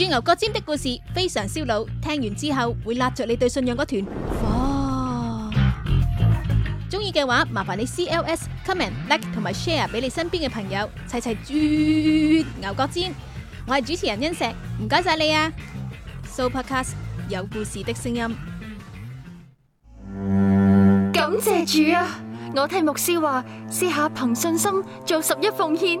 鑽牛角尖的故事非常燒腦，聽完之後會拉著你對信仰嗰團火。中意嘅話，麻煩你 CLS、Comment、Like 同埋 share 俾你身邊嘅朋友，齊齊鑽牛角尖。我係主持人恩石，唔該晒你啊！Sooopodcast 有故事的聲音，感謝主啊！我聽牧師話，試下憑信心做十一奉獻。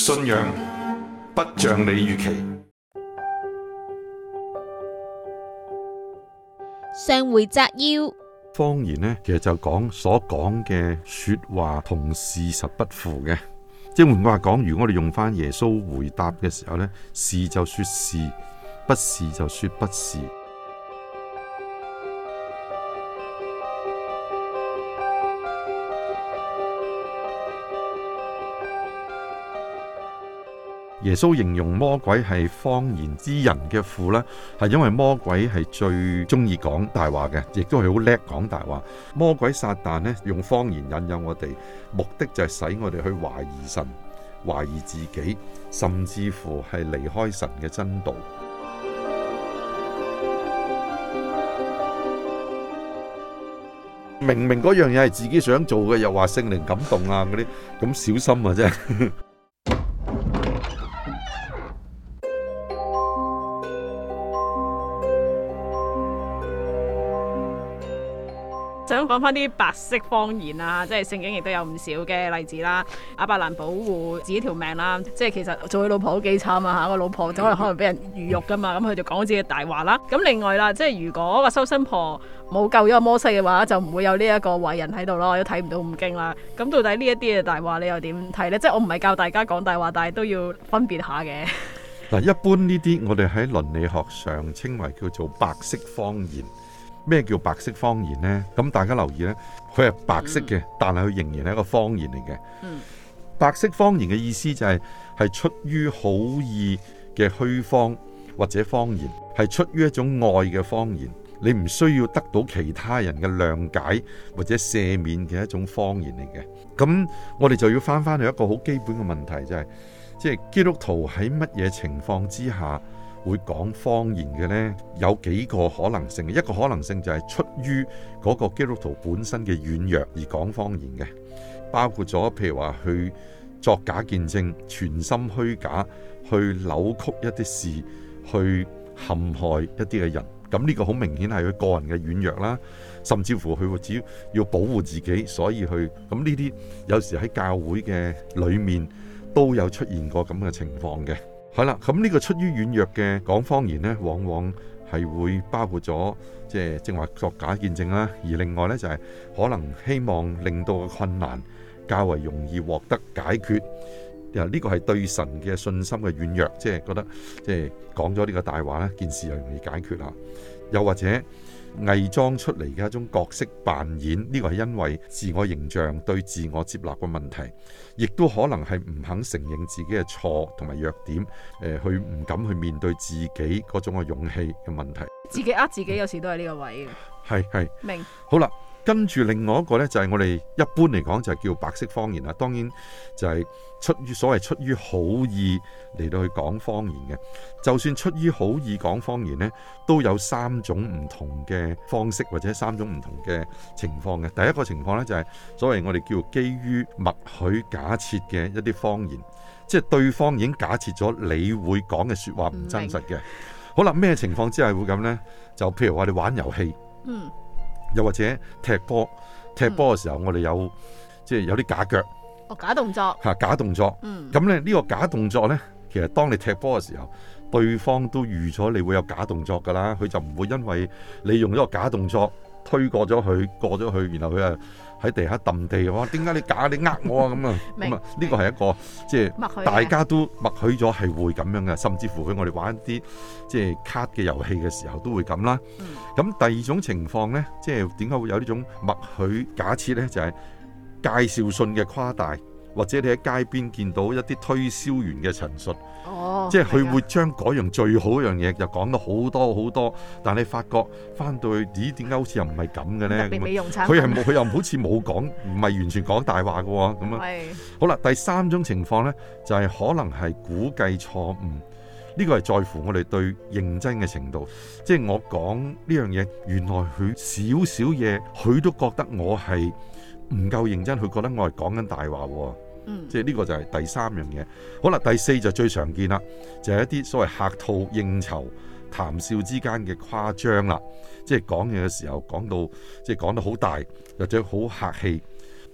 信仰不像你預期。上回摘要，方言呢，其實就講所講嘅説話同事實不符嘅，即係換話講，如果我哋用翻耶穌回答嘅時候呢，是就說是，不是就說不是。耶穌形容魔鬼係謊言之人嘅父呢，係因為魔鬼係最中意講大話嘅，亦都係好叻講大話。魔鬼撒旦呢，用謊言引誘我哋，目的就係使我哋去懷疑神、懷疑自己，甚至乎係離開神嘅真道。明明嗰樣嘢係自己想做嘅，又話聖靈感動啊嗰啲，咁小心啊真。 講翻啲白色謊言啊，即係聖經亦都有唔少嘅例子啦。亞伯蘭保護自己條命啦，即係其實做佢老婆都幾慘啊吓，個老婆就可能俾人魚肉噶嘛，咁佢、嗯、就講自己大話啦。咁、嗯、另外啦，即係如果個收生婆冇救咗個摩西嘅話，就唔會有呢一個偉人喺度咯，都睇唔到五經啦。咁到底呢一啲嘅大話，你又點睇呢？即係我唔係教大家講大話，但係都要分別下嘅。嗱，一般呢啲我哋喺倫理學上稱為叫做白色謊言。咩叫白色謊言呢？咁大家留意呢，佢係白色嘅，但係佢仍然係一個謊言嚟嘅。白色謊言嘅意思就係、是、係出於好意嘅虛謊，或者謊言，係出於一種愛嘅謊言。你唔需要得到其他人嘅諒解或者赦免嘅一種謊言嚟嘅。咁我哋就要返返去一個好基本嘅問題、就是，就係即係基督徒喺乜嘢情況之下，會講謊言嘅呢，有幾個可能性。一個可能性就係出於嗰個基督徒本身嘅軟弱而講謊言嘅，包括咗譬如話去作假見證、全心虛假、去扭曲一啲事、去陷害一啲嘅人。咁、這、呢個好明顯係佢個人嘅軟弱啦，甚至乎佢會只要要保護自己，所以去咁呢啲，這些有時喺教會嘅裏面都有出現過咁嘅情況嘅。係啦，咁呢個出於軟弱嘅講謊言呢，往往係會包括咗，即係正話作假見證啦。而另外呢，就係可能希望令到個困難較為容易獲得解決。呢個係對神嘅信心嘅軟弱，即係覺得即係講咗呢個大話呢件事又容易解決啦。又或者。偽裝出嚟嘅一種角色扮演，呢個係因為自我形象對自我接納嘅問題，亦都可能係唔肯承認自己嘅錯同埋弱點，誒、呃，佢唔敢去面對自己嗰種嘅勇氣嘅問題。自己呃自己，有時都係呢個位嘅，係係，明白，好啦。跟住另外一個呢，就係我哋一般嚟講，就係叫白色謊言啦。當然就係出於所謂出於好意嚟到去講謊言嘅。就算出於好意講謊言呢，都有三種唔同嘅方式，或者三種唔同嘅情況嘅。第一個情況呢，就係所謂我哋叫基於默許假設嘅一啲謊言，即係對方已經假設咗你會講嘅説話唔真實嘅。好啦，咩情況之下會咁呢？就譬如我哋玩遊戲。嗯。又或者踢波，踢波嘅時候我哋有、嗯、即係有啲假腳，哦假動作，吓假動作，嗯，咁咧呢個假動作咧，其實當你踢波嘅時候，對方都預咗你會有假動作噶啦，佢就唔會因為你用呢個假動作推過咗佢，過咗去，然後佢啊。喺地下揼地嘅話，點解你假你呃我啊咁啊？咁啊，呢個係一個即係大家都默許咗係會咁樣嘅，甚至乎喺我哋玩一啲即係卡嘅遊戲嘅時候都會咁啦。咁第二種情況咧，即係點解會有呢種默許假設咧？就係介紹信嘅誇大。或者你喺街邊見到一啲推銷員嘅陳述，哦、即係佢會將嗰樣最好一樣嘢又講咗好多好多，但你發覺翻到去咦點解好似又唔係咁嘅咧？佢係冇，佢又唔好似冇講，唔係 完全講大話嘅喎。咁樣的好啦，第三種情況咧就係、是、可能係估計錯誤，呢個係在乎我哋對認真嘅程度。即係我講呢樣嘢，原來佢少少嘢，佢都覺得我係。唔夠認真，佢覺得我係講緊大話喎。嗯，即係呢個就係第三樣嘢。好啦，第四就最常見啦，就係一啲所謂客套應酬、談笑之間嘅誇張啦。即係講嘢嘅時候講到，即係講得好大，或者好客氣。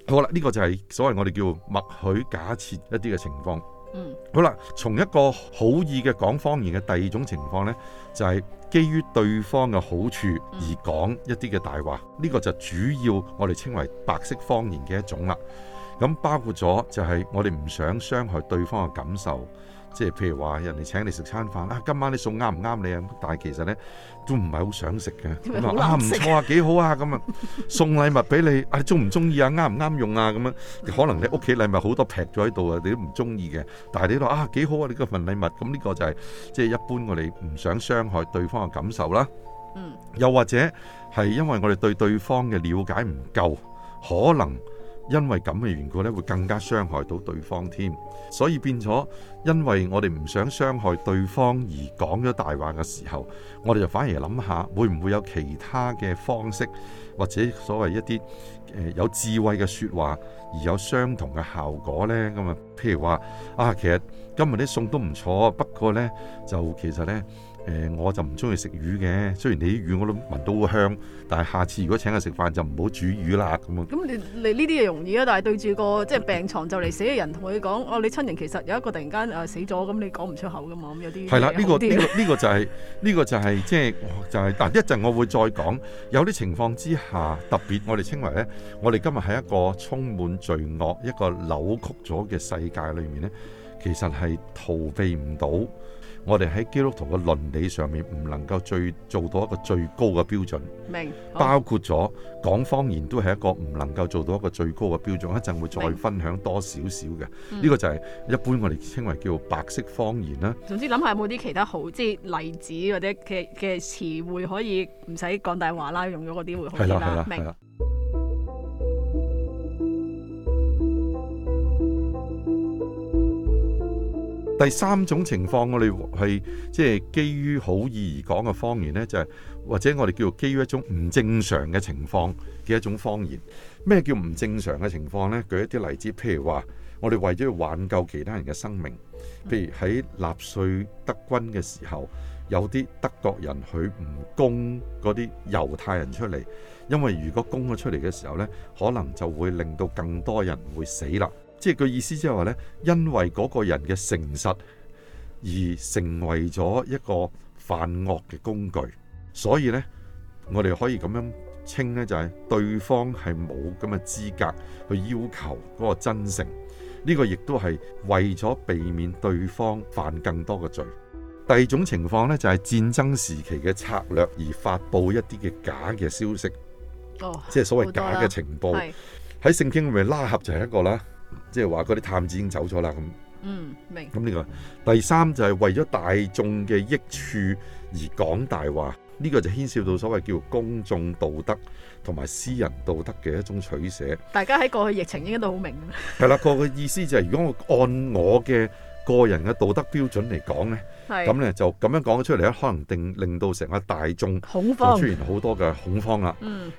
好啦，呢個就係所謂我哋叫默許假設一啲嘅情況。嗯，好啦，從一個好易嘅講方言嘅第二種情況呢，就係。基於對方嘅好處而講一啲嘅大話，呢個就係主要我哋稱為白色謊言嘅一種啦。咁包括咗就係我哋唔想傷害對方嘅感受。即係譬如話人哋請你食餐飯啊，今晚啲餸啱唔啱你啊？但係其實咧都唔係好想食嘅咁啊，唔錯啊，幾好啊咁啊，送禮物俾你啊，中唔中意啊？啱唔啱用啊？咁樣，可能你屋企禮物好多劈咗喺度啊，你都唔中意嘅。但係你都話啊幾好啊，你嗰份禮物。咁呢個就係即係一般我哋唔想傷害對方嘅感受啦。嗯。又或者係因為我哋對對方嘅了解唔夠，可能。因為咁嘅緣故呢，會更加傷害到對方添，所以變咗因為我哋唔想傷害對方而講咗大話嘅時候，我哋就反而諗下會唔會有其他嘅方式，或者所謂一啲有智慧嘅説話而有相同嘅效果呢？咁啊，譬如話啊，其實今日啲餸都唔錯，不過呢，就其實呢。」誒、呃，我就唔中意食魚嘅。雖然你啲魚我都聞到好香，但係下次如果請佢食飯就不要你你就唔好煮魚啦咁啊。咁你你呢啲嘢容易啊，但係對住個即係病床就嚟死嘅人，同佢講哦，你親人其實有一個突然間誒、啊、死咗，咁你講唔出口嘅嘛，咁有啲係啦。呢、呢個呢、呢個呢、呢個就係、是、呢、呢個就係即係就係但一陣，啊、會我會再講。有啲情況之下，特別我哋稱為咧，我哋今日喺一個充滿罪惡、一個扭曲咗嘅世界裏面咧，其實係逃避唔到。我哋喺基督徒嘅倫理上面唔能夠最做到一個最高嘅標準，明包括咗講謊言都係一個唔能夠做到一個最高嘅標準。一陣會再分享多少少嘅，呢白個就係一般我哋稱為叫白色謊言啦。嗯、總之諗下有冇啲其他好，即係例子或者嘅嘅詞彙可以唔使講大話啦，用咗嗰啲會好啦，明白。第三種情況，我哋係即係基於好意而講嘅謊言呢，就係或者我哋叫做基於一種唔正常嘅情況嘅一種謊言。咩叫唔正常嘅情況呢？舉一啲例子，譬如話我哋為咗要挽救其他人嘅生命，譬如喺納粹德軍嘅時候，有啲德國人佢唔供嗰啲猶太人出嚟，因為如果供咗出嚟嘅時候呢，可能就會令到更多人會死啦。即係個意思，即係話呢，因為嗰個人嘅誠實而成為咗一個犯惡嘅工具，所以呢，我哋可以咁樣稱呢，就係對方係冇咁嘅資格去要求嗰個真誠。呢個亦都係為咗避免對方犯更多嘅罪。第二種情況呢，就係戰爭時期嘅策略而發布一啲嘅假嘅消息，即係所謂假嘅情報。喺聖經裏面拉合就係一個啦。即係話嗰啲探子已經走咗啦，咁嗯明咁，呢個第三就係為咗大眾嘅益處而講大話，呢個就牽涉到所謂叫公眾道德同埋私人道德嘅一種取捨。大家喺過去疫情應該都好明嘅，係啦。過去意思就係如果我按我嘅。個人嘅道德標準嚟講咧，咁咧是就咁樣講咗出嚟咧，可能定令到成個大眾就出現好多嘅恐慌啦。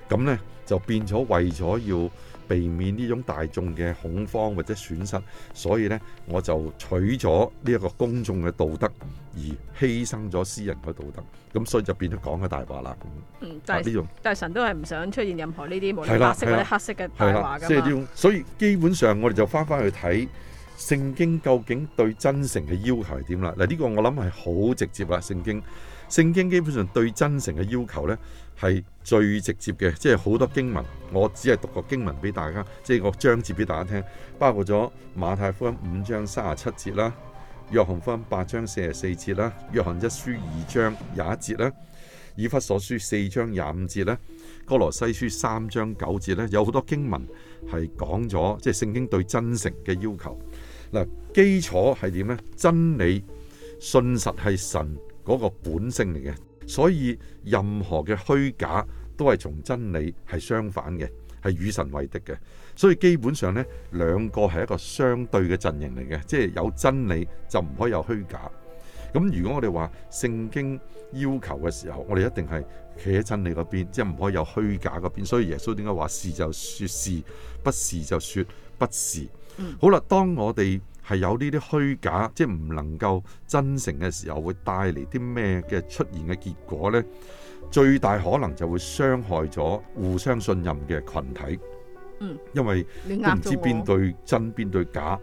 咁咧、嗯、就變咗為咗要避免呢種大眾嘅恐慌或者損失，所以咧我就取咗呢一個公眾嘅道德而犧牲咗私人嘅道德，咁所以就變咗講嘅大話啦。嗯，但係呢、啊、種但係神都係唔想出現任何呢啲冇白色或者黑色嘅大話噶嘛呢種。所以基本上我哋就翻返去睇。聖經究竟對真誠嘅要求係點啦？嗱，呢個我諗係好直接啦。聖經，聖經基本上對真誠嘅要求呢係最直接嘅。即係好多經文，我只係讀個經文俾大家，即係個章節俾大家聽，包括咗馬太福音五章三十七節啦，約翰福音八章四十四節啦，約翰一書二章廿一節啦，以弗所書四章廿五節啦，哥羅西書三章九節咧，有好多經文係講咗，即係聖經對真誠嘅要求。基礎係點呢？真理、信實係神嗰個本性嚟嘅，所以任何嘅虛假都係從真理係相反嘅，係與神為敵嘅。所以基本上呢，兩個係一個相對嘅陣營嚟嘅，即係有真理就唔可以有虛假。咁如果我哋話聖經要求嘅時候，我哋一定係企喺真理嗰邊，即係唔可以有虛假嗰邊。所以耶穌點解話是就說是，不是就說不是。嗯、好啦，當我哋係有呢啲虛假，即係唔能夠真誠嘅時候，會帶嚟啲咩嘅出現嘅結果呢？最大可能就會傷害咗互相信任嘅群體。嗯、因為都唔知邊對真邊對假，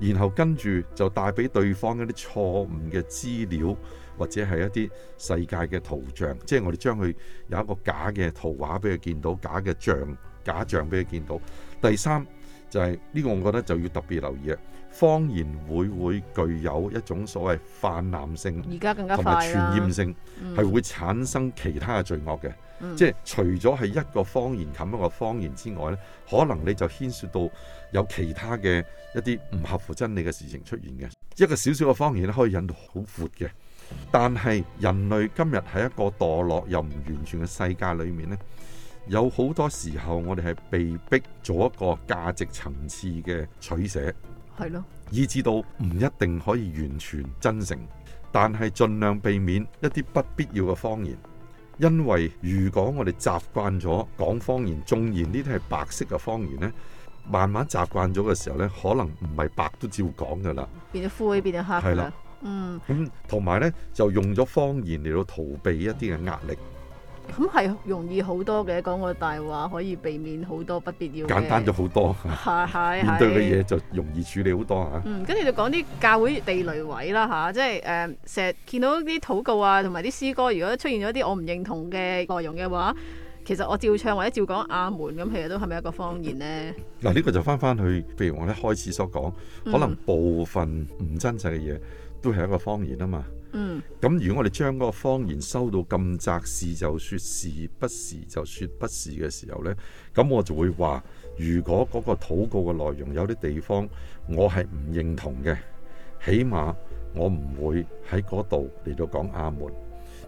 然後跟住就帶俾對方一啲錯誤嘅資料，或者係一啲世界嘅圖像，即係我哋將佢有一個假嘅圖畫俾佢見到，假嘅像假像俾佢見到。第三。就係呢個，我覺得就要特別留意啊！謊言會會具有一種所謂泛濫性，同埋傳染性，係會產生其他嘅罪惡嘅。嗯、即係除咗係一個謊言冚一個謊言之外呢，可能你就牽涉到有其他嘅一啲唔合乎真理嘅事情出現嘅。一個小小嘅謊言可以引到好闊嘅。但係人類今日喺一個墮落又唔完全嘅世界裏面呢。有好多時候，我哋係被逼做一個價值層次嘅取捨，的以致到唔一定可以完全真誠，但係盡量避免一啲不必要嘅謊言，因為如果我哋習慣咗講謊言，縱然呢啲係白色嘅謊言呢，慢慢習慣咗嘅時候呢，可能唔係白都照講㗎啦，變咗灰變咗黑同埋的、嗯嗯、呢就用咗謊言嚟到逃避一啲嘅壓力。咁係容易好多嘅，講個大話可以避免好多不必要嘅。簡單咗好多，係係面對嘅嘢就容易處理好多嚇。係係係嗯，跟住就講啲教會地雷位啦嚇、啊，即係誒成日見到啲禱告啊，同埋啲詩歌，如果出現咗啲我唔認同嘅內容嘅話，其實我照唱或者照講阿門，咁其實都係咪一個謊言咧？嗱，呢個就翻翻去，譬如我一開始所講，可能部分唔真實嘅嘢都係一個謊言啊嘛。嗯，咁如果我哋將嗰個謊言收到咁窄，是就說是，不是就說不是嘅時候呢，咁我就會話，如果嗰個禱告嘅內容有啲地方我係唔認同嘅，起碼我唔會喺嗰度嚟到講阿門。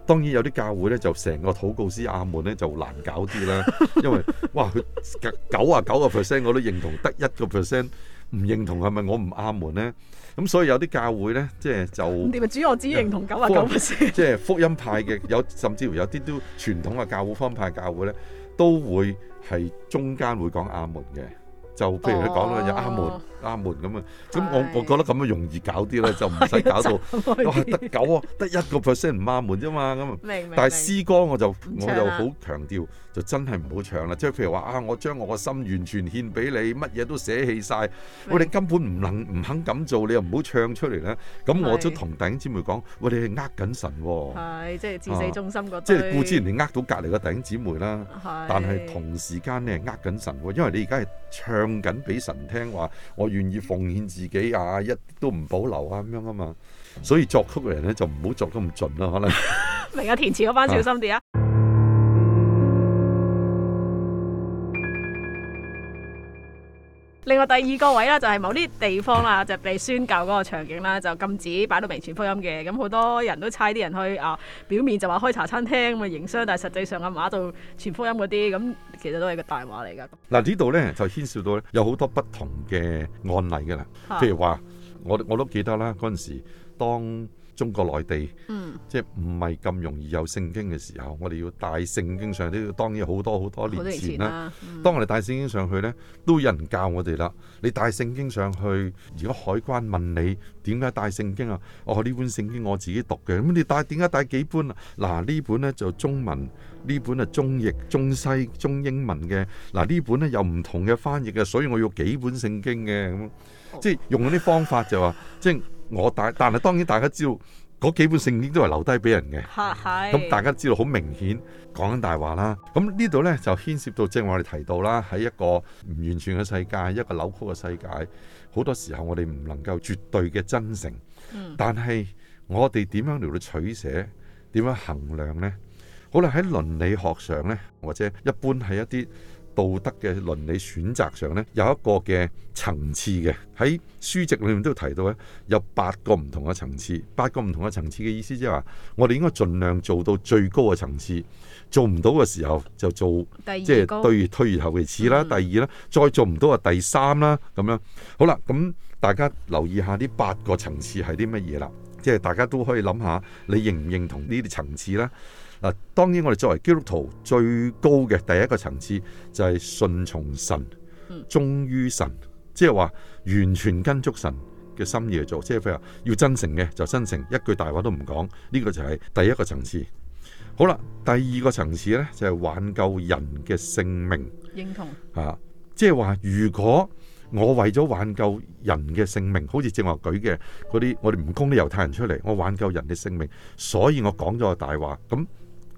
當然有啲教會呢就成個禱告師阿門呢就難搞啲啦，因為哇佢九九啊九個 percent 我都認同，得一個 percent。唔認同係咪我唔阿門咧？咁所以有啲教會咧，即係就你咪主我只認同九啊九 percent，即係福音派嘅，有甚至乎有啲啲傳統嘅教會方派教會咧，都會係中間會講阿門嘅，就譬如你講到有日阿門。啊阿門咁啊！咁我，是我覺得咁樣容易搞啲咧，就唔使搞到都係得九啊，得一個 percent 唔阿門啫嘛。咁，但係詩歌我就、啊、我就好強調，就真係唔好唱啦。即、就、係、是、譬如話啊，我將我個心完全獻俾你，乜嘢都捨棄晒，我哋白根本唔能唔肯咁做，你又唔好唱出嚟咧。咁我都同是弟兄姊妹講，喂，你係呃緊神喎、啊。即係自死中心嗰、啊，即係顧之然你呃到隔離個弟兄姊妹啦。是但係同時間你係呃緊神喎、啊，因為你而家係唱緊俾神聽話，我。願意奉獻自己啊，一都唔保留啊咁樣啊嘛，所以作曲嘅人咧就唔好作得咁盡咯，可能 明。明啊，填詞嗰班小心啲啊！另外第二個位啦，就係某啲地方啊，就地宣教嗰個場景啦，就禁止擺到明傳福音嘅，咁好多人都差啲人去啊，表面就話開茶餐廳咁啊營商，但係實際上暗碼度傳福音嗰啲，咁其實都係個大話嚟噶。嗱，呢度咧就牽涉到有好多不同嘅案例㗎啦，譬如話我我都記得啦，嗰陣時當。中國內地，即係唔係咁容易有聖經嘅時候，我哋要帶聖經上去。當然好多好多年前啦。當我哋帶聖經上去呢，都有人教我哋啦。你帶聖經上去，如果海關問你點解帶聖經啊？哦，呢本聖經我自己讀嘅。咁你帶點解帶幾本啊？嗱，呢本呢就中文，呢本係中譯中西中英文嘅。嗱、啊，呢本呢有唔同嘅翻譯嘅，所以我要幾本聖經嘅咁，即係用嗰啲方法就話即我大但但係當然大家知道嗰幾本聖經都係留低俾人嘅，咁大家知道好明顯講緊大話啦。咁呢度呢，就牽涉到，即係我哋提到啦，喺一個唔完全嘅世界，一個扭曲嘅世界，好多時候我哋唔能夠絕對嘅真誠，但係我哋點樣嚟到取捨，點樣衡量呢？好啦，喺倫理學上呢，或者一般係一啲。道德嘅倫理選擇上呢，有一個嘅層次嘅喺書籍裏面都提到咧，有八個唔同嘅層次，八個唔同嘅層次嘅意思即係話，我哋應該盡量做到最高嘅層次，做唔到嘅時候就做即係退而求其次啦，第二啦，再做唔到啊第三啦咁樣。好啦，咁大家留意下呢八個層次係啲乜嘢啦，即係大家都可以諗下，你認唔認同呢啲層次啦？嗱，當然我哋作為基督徒最高嘅第一個層次就係順從神、忠於神，即係話完全跟足神嘅心意去做，即係譬如要真誠嘅就真誠，一句大話都唔講，呢個就係第一個層次。好啦，第二個層次呢，就係挽救人嘅性命。認同啊，即係話如果我為咗挽救人嘅性命，好似正話舉嘅嗰啲我哋唔供啲猶太人出嚟，我挽救人嘅性命，所以我講咗個大話咁。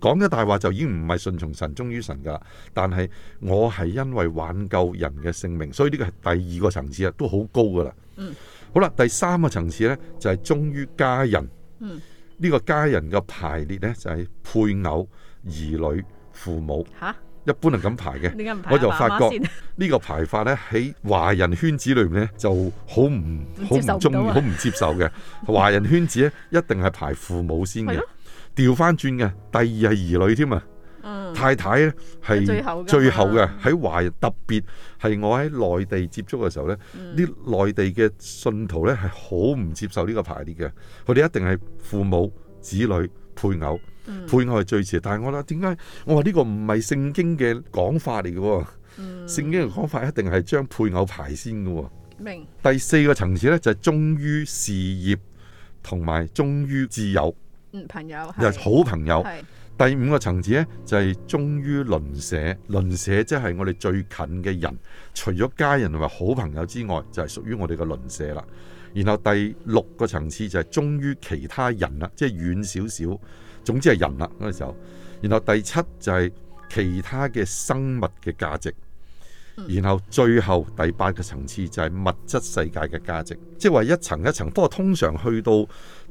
講嘅大話就已經唔係順從神、忠於神噶，但係我係因為挽救人嘅性命，所以呢個係第二個層次啊，都好高噶啦。嗯，好啦，第三個層次呢，就係、是、忠於家人。嗯，呢個家人嘅排列呢，就係、是、配偶、兒女、父母。吓哈，一般係咁排嘅。排啊、我就發覺呢個排法呢，喺華人圈子裏面呢，就好唔好唔中意好唔接受嘅、啊。華、嗯、人圈子呢，一定係排父母先嘅。調翻轉嘅，第二係兒女添啊，嗯、太太咧係最後嘅。喺華人，特別係我喺內地接觸嘅時候咧，啲內、嗯、地嘅信徒咧係好唔接受呢個排列嘅，佢哋一定係父母、子女、配偶、嗯、配偶係最遲。但係我諗，點解我話呢個唔係聖經嘅講法嚟嘅？聖、嗯、經嘅講法一定係將配偶排先嘅。明白。第四個層次咧就係忠於事業同埋忠於自由，朋友好朋友第五個層次呢就係忠於鄰舍，鄰舍即係我哋最近嘅人，除咗家人同埋好朋友之外，就係屬於我哋嘅鄰舍啦。然後第六個層次就係忠於其他人啦，即係遠少少，總之係人啦嗰陣時候。然後第七就係其他嘅生物嘅價值，然後最後第八個層次就係物質世界嘅價值，即係話一層一層，不過通常去到。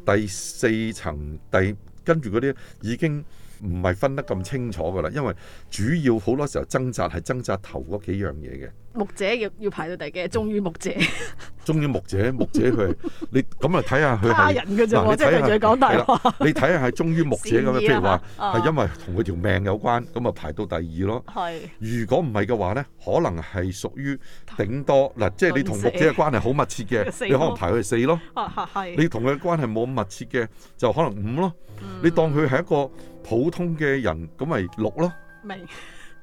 第四層，第跟住嗰啲已經。唔係分得咁清楚噶啦，因為主要好多時候掙扎係掙扎頭嗰幾樣嘢嘅牧者要要排到第幾？忠於牧者，忠於牧者，牧者佢你咁啊，睇下佢係人嘅啫。我你睇下講大話你睇下係忠於牧者咁樣，譬如話係因為同佢條命有關，咁啊排到第二咯。係如果唔係嘅話咧，可能係屬於頂多嗱，即係你同牧者嘅關係好密切嘅，你可能排佢四咯。你同佢嘅關係冇咁密切嘅，就可能五咯。你當佢係一個普通嘅人咁咪六咯，明，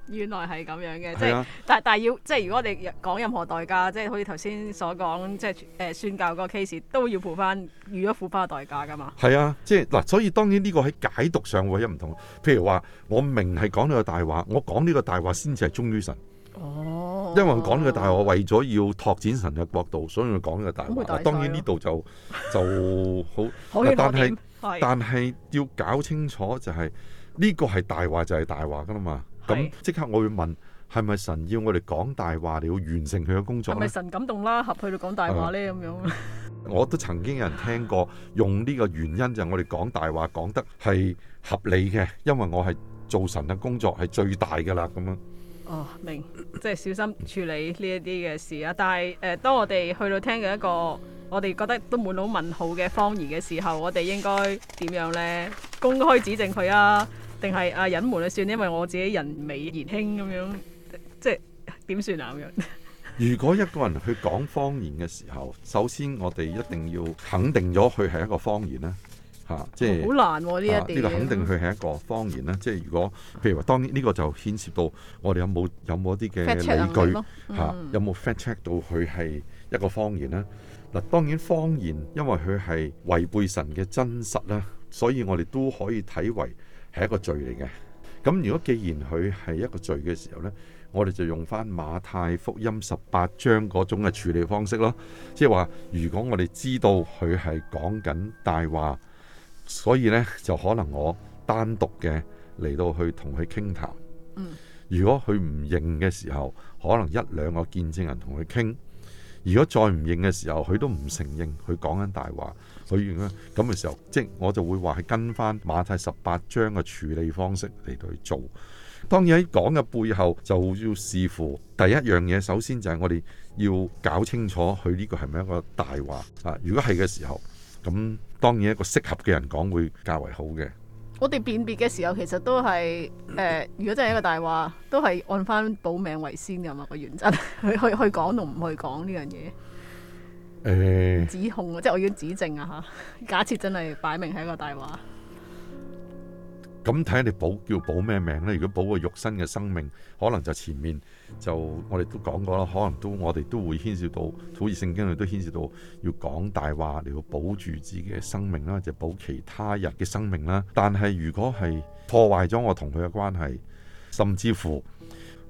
原來係咁樣嘅、啊，即係，但係但係要即係，如果我哋講任何代價，即係好似頭先所講，即係誒、呃、宣教嗰個 case 都要付翻，如果付翻代價噶嘛，係啊，即係嗱，所以當然呢個喺解讀上會有唔同，譬如話我明係講呢個大話，我講呢個大話先至係忠於神，哦，因為講呢個大話、哦、為咗要拓展神嘅國度，所以佢講呢個大話、啊，當然呢度就就 好遠慌，但係。是但係要搞清楚就係呢個係大話就係大話噶啦嘛，咁即是刻我會問係咪神要我哋講大話，你要完成佢嘅工作係咪神感動啦合去到講大話呢。咁樣的？ 我都曾經有人聽過用呢個原因就係我哋講大話講得係合理嘅，因為我係做神嘅工作係最大噶啦咁樣。哦，明，即、就、係、是、小心處理呢一啲嘅事啊！但係誒、呃，當我哋去到聽嘅一個。我哋覺得都滿腦問號嘅謊言嘅時候，我哋應該點樣咧？公開指證佢啊，定係啊隱瞞佢算？因為我自己人微言輕咁樣，即係點算啊咁樣？如果一個人去講謊言嘅時候，首先我哋一定要肯定咗佢係一個謊言啦，吓、嗯啊，即係好難呢、啊、一呢、啊這個肯定佢係一個謊言啦。即係如果譬如話，當然呢個就牽涉到我哋有冇有冇一啲嘅理據吓，有冇 fact check 到佢係一個謊言啦？嗱，當然謊言，因為佢係違背神嘅真實啦，所以我哋都可以睇為係一個罪嚟嘅。咁如果既然佢係一個罪嘅時候呢，我哋就用翻馬太福音十八章嗰種嘅處理方式咯，即係話如果我哋知道佢係講緊大話，所以呢，就可能我單獨嘅嚟到去同佢傾談，談。如果佢唔認嘅時候，可能一兩個見證人同佢傾。如果再唔認嘅時候，佢都唔承認佢講緊大話，佢如果咁嘅時候，即我就會話係跟翻馬太十八章嘅處理方式嚟到去做。當然喺講嘅背後就要視乎第一樣嘢，首先就係我哋要搞清楚佢呢個係咪一個大話啊。如果係嘅時候，咁當然一個適合嘅人講會較為好嘅。我哋辨別嘅時候，其實都係誒、呃，如果真係一個大話，都係按翻保命為先㗎嘛，個原則去去去講同唔去講呢樣嘢。誒、uh，指控啊，即係我要指證啊嚇！假設真係擺明係一個大話。咁睇下你保叫保咩命呢？如果保個肉身嘅生命，可能就前面就我哋都講過啦。可能都我哋都會牽涉到，好似聖經裏都牽涉到要講大話嚟，你要保住自己嘅生命啦，就保其他人嘅生命啦。但係如果係破壞咗我同佢嘅關係，甚至乎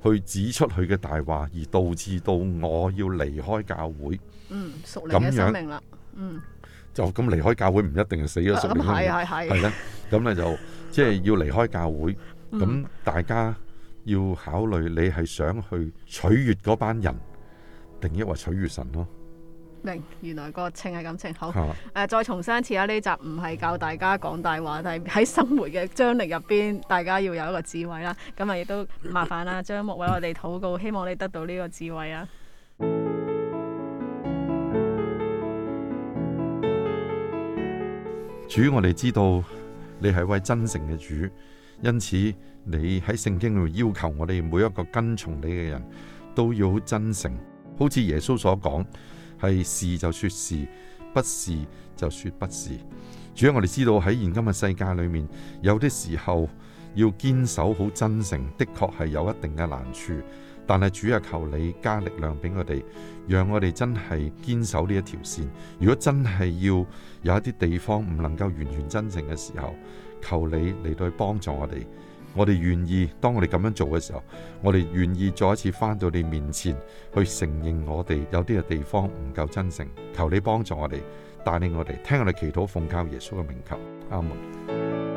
去指出佢嘅大話，而導致到我要離開教會，嗯，咁樣，嗯。就咁離開教會唔一定係死咗，所以係咧，咁、嗯、咧的 就即係、就是、要離開教會。咁、嗯、大家要考慮，你係想去取悦嗰班人，定抑或取悦神咯？明，原來個情係感情好。誒，啊啊、再重申一次啦，呢集唔係教大家講大話，但係喺生活嘅張力入邊，大家要有一個智慧啦。咁啊，亦都麻煩啦，張牧為我哋禱告，嗯、希望你得到呢個智慧啊！主，我哋知道你係一位真誠嘅主，因此你喺聖經裏要求我哋每一個跟從你嘅人都要好真誠，好似耶穌所講，係是就說是，不是就說不是。主要我哋知道喺現今嘅世界裡面，有啲時候要堅守好真誠，的確係有一定嘅難處。但係主啊，求你加力量俾我哋，讓我哋真係堅守呢一條線。如果真係要有一啲地方唔能夠完全真誠嘅時候，求你嚟到去幫助我哋。我哋願意當我哋咁樣做嘅時候，我哋願意再一次返到你面前去承認我哋有啲嘅地方唔夠真誠。求你幫助我哋，帶領我哋聽我哋祈禱奉靠耶穌嘅名求，阿門。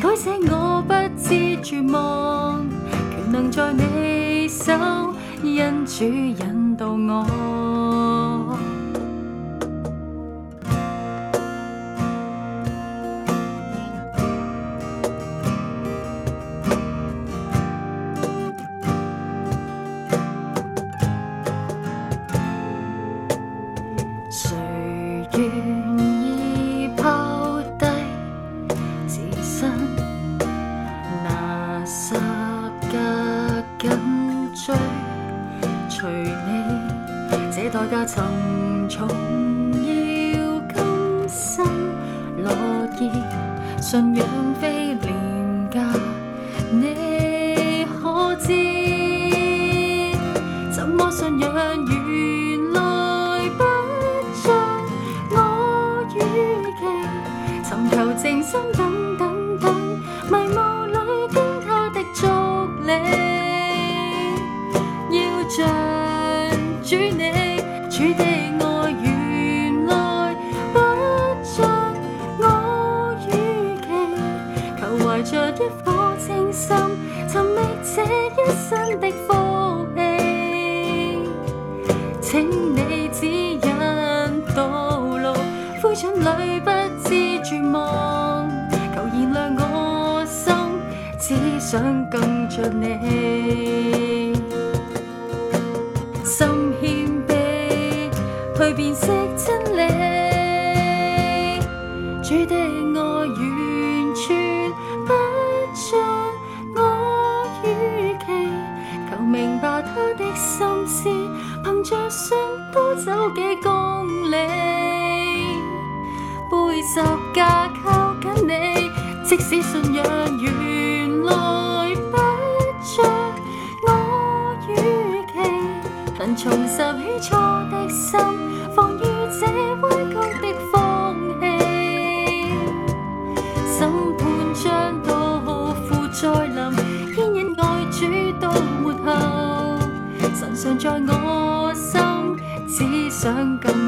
改寫我不知絕望，權能在你手，因主引導我。一顆清心，尋覓這一生的福氣。請你指引道路，灰塵裏不知絕望。求燃亮我心，只想跟着你。只信仰原來不像我預期，能重拾起初的心，防的放於這彎曲的風氣。審判將到何父再臨，牽引愛主到末後，神常在我心，只想更。